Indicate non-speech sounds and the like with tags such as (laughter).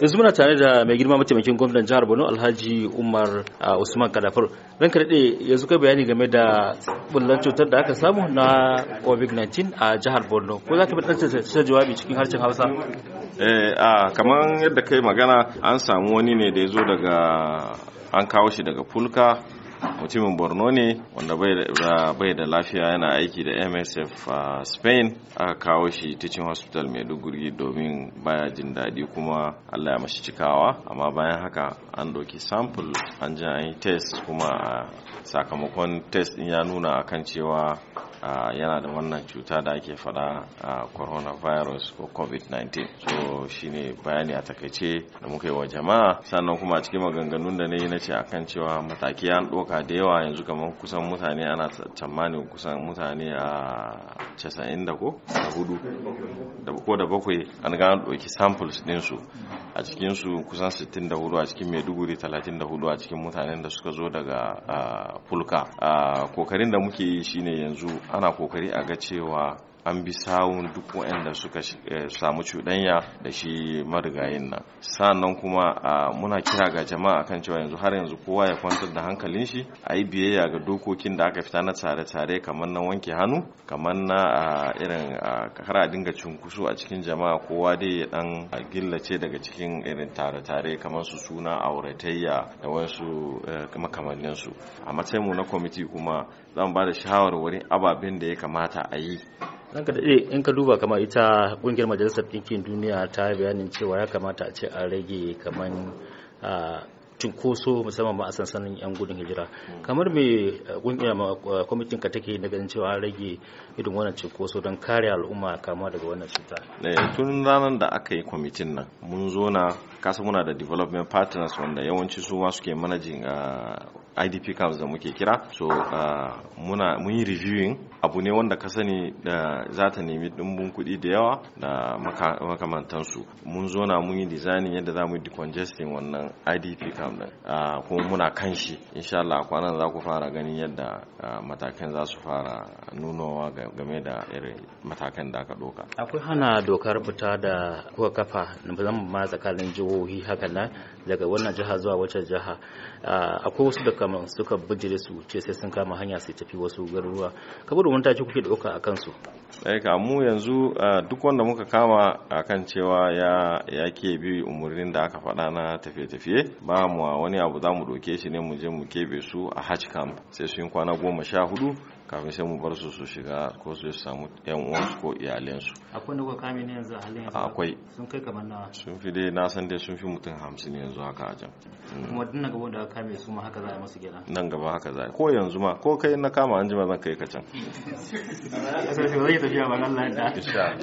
yanzu muna tare da mai girma mataimakin gwamnan jihar borno alhaji umar ah, usman kadafur ka daɗe yanzu kai bayani game da bullan cutar da aka samu na covid-19 a jihar borno ko za ka bi ɗan jawabi cikin harshen hausa eh, a ah, kamar yadda kai magana an samu wani ne da ya zo daga an kawo shi daga fulka mutumin borno ne wanda bai da lafiya yana aiki da msf a spain aka kawo shi teaching hospital maiduguri domin baya jin daɗi kuma allah ya mashi cikawa amma bayan haka an ɗauki sample an ji an yi test kuma sakamakon test ya nuna akan cewa yana da wannan cuta da ake fada a coronavirus ko covid-19 so shine bayani a takaice da muka yi wa jama'a sannan kuma a cikin maganganun da na yi na ce a kan cewa mataki an ɗoka da yawa yanzu kamar kusan mutane ana tsammanin kusan mutane a casa'in da ko da hudu da ko da bakwai an gano ɗauki samples ɗinsu a cikinsu kusan 64 a cikin maiduguri 34 a cikin mutanen da suka zo daga fulka kokarin da muke yi shine yanzu ana kokari a ga cewa an bi sawun duk waɗanda suka eh, samu cuɗanya da shi marigayin nan sannan kuma muna kira ga jama'a kan cewa yanzu har yanzu kowa ya kwantar da hankalin shi a yi biyayya ga dokokin da aka fita na tsare-tsare kamar na wanke hannu kamar na irin kar dinga cunkusu a cikin jama'a kowa dai ya dan gillace daga cikin irin tare-tare kamar su suna auratayya da wasu eh, makamannin su a matsayin mu na kwamiti kuma zan ba da shawarwarin ababen da ya kamata a yi ranka da in ka duba kamar ita ƙungiyar majalisar ɗinkin duniya ta bayanin cewa ya kamata a ce a rage kamar ah, cinkoso musamman ma a sansanin yan gudun hijira hmm. kamar mai eh, kungiya eh, kwamitin ka take na ganin cewa rage irin wannan cinkoso don kare al'umma kama daga wannan cuta eh, tun ranar da aka yi kwamitin nan mun zo na kasa muna da development partners wanda yawanci su ma suke managing idp camps da muke kira so muna mun yi reviewing abu ne wanda ka sani da za ta nemi dimbin kuɗi da yawa da makamantansu mun zo na mun yi designing yadda za mu yi decongesting wannan idp camps program muna kan shi insha Allah kwanan za ku fara ganin yadda matakan za su fara nunowa game da irin matakan da aka doka akwai hana dokar fita da kuka kafa musamman ma tsakanin jihohi haka nan daga wannan jiha zuwa wacce jiha akwai wasu da kamar suka bijire su ce sai sun kama hanya su tafi wasu garuruwa kabar wani taki kuke doka a kansu eh, ka mu yanzu duk wanda muka kama akan cewa ya ya ke bi umarnin da aka faɗa na tafiye-tafiye ba mu A wani abu za mu ɗauke shi ne mu je mu kebe su a hajj camp sai su yi kwana goma sha hudu kafin sai mu bar su su shiga ko su samu yan uwansu ko iyalensu akwai da kuka ne yanzu a halin yanzu akwai sun kai kamar nawa sun fi dai na san dai sun fi mutum hamsin yanzu haka a can mm. kuma duk na gaba da kame su ma haka za a masu gida nan gaba haka za a ko yanzu ma ko kai na kama an jima zan kai ka can (laughs)